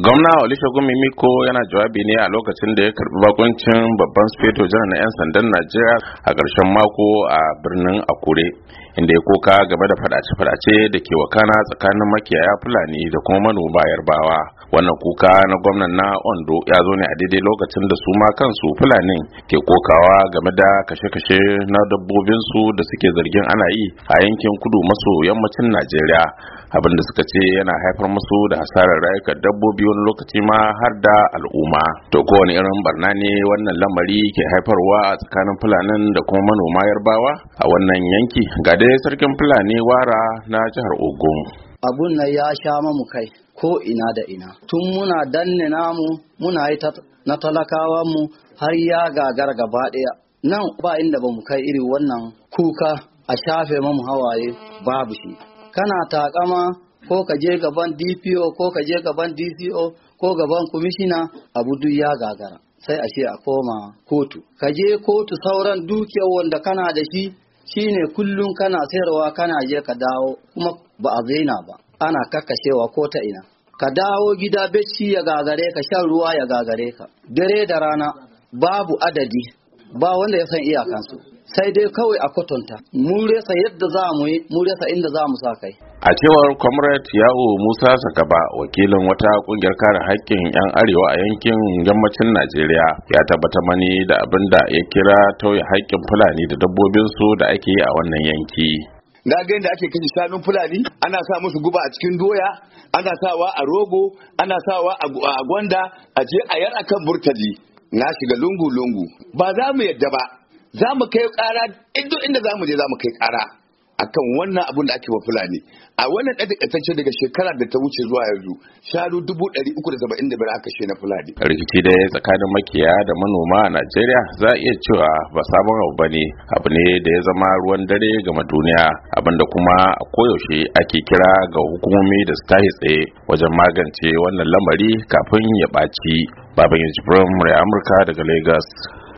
gwamna olisha gumi miko yana jawabi ne a lokacin da ya karbi bakuncin babban sufeto jihar na 'yan sandan najeriya a ƙarshen mako a birnin akure inda ya koka game da fadace-fadace da ke wakana tsakanin makiyaya fulani da kuma manoma yarbawa wannan kuka na gwamnan na ondo ya zo ne a daidai lokacin da su ma kansu fulani ke kokawa game da kashe-kashe na dabbobinsu da suke zargin ana yi a yankin kudu maso yammacin najeriya abin da suka ce yana haifar musu da hasarar rayukan dabbobi wani lokaci ma har da al'umma to kowane irin barna ne wannan lamari ke haifarwa a tsakanin fulanin da kuma manoma yarbawa a wannan yanki ga dai sarkin fulani wara na jihar ogun abun nan ya sha mamu kai ko ina da ina tun muna danne namu muna yi na mu har ya gagar gaba ɗaya nan ba inda ba mu kai irin wannan kuka a shafe mamu hawaye babu shi kana takama ko ka je gaban DPO ko ka je gaban DCO ko gaban komishina. abu duk ya gagara sai a ce a koma kotu ka je kotu sauran dukiyar wanda kana da shi shine kullum kana sayarwa kana je ka dawo kuma ba a zaina ba ana kakkashewa ko ta ina ka dawo gida bacci ya gagare ka shan ruwa ya gagare ka dare da rana babu adadi ba wanda ya san iyakansu sai dai kawai a kwatanta mu resa yadda za mu yi mu resa inda za mu sa kai a cewar comrade yawo musa sakaba wakilin wata kungiyar kare haƙƙin 'yan arewa a yankin yammacin najeriya ya tabbata mani da abin da ya kira tauye haƙƙin fulani da dabbobin su da ake yi a wannan yanki na ga yadda ake kashe shanun fulani ana sa musu guba a cikin doya ana sawa a rogo ana sawa a gwanda a je a yar akan burtali na shiga lungu-lungu ba za mu yadda ba za mu kai ƙara duk inda za mu je za mu kai ƙara akan wannan abun da ake wa fulani a wannan ɗan takaitacce daga shekara da ta wuce zuwa yanzu shanu dubu ɗari uku da saba'in da aka she na fulani. rikici da ya tsakanin makiya da manoma a najeriya za a iya cewa ba sabon abu ba ne abu ne da ya zama ruwan dare gama duniya abinda kuma a koyaushe ake kira ga hukumomi da su tashi tsaye wajen magance wannan lamari kafin ya ɓaci baban amurka daga lagos.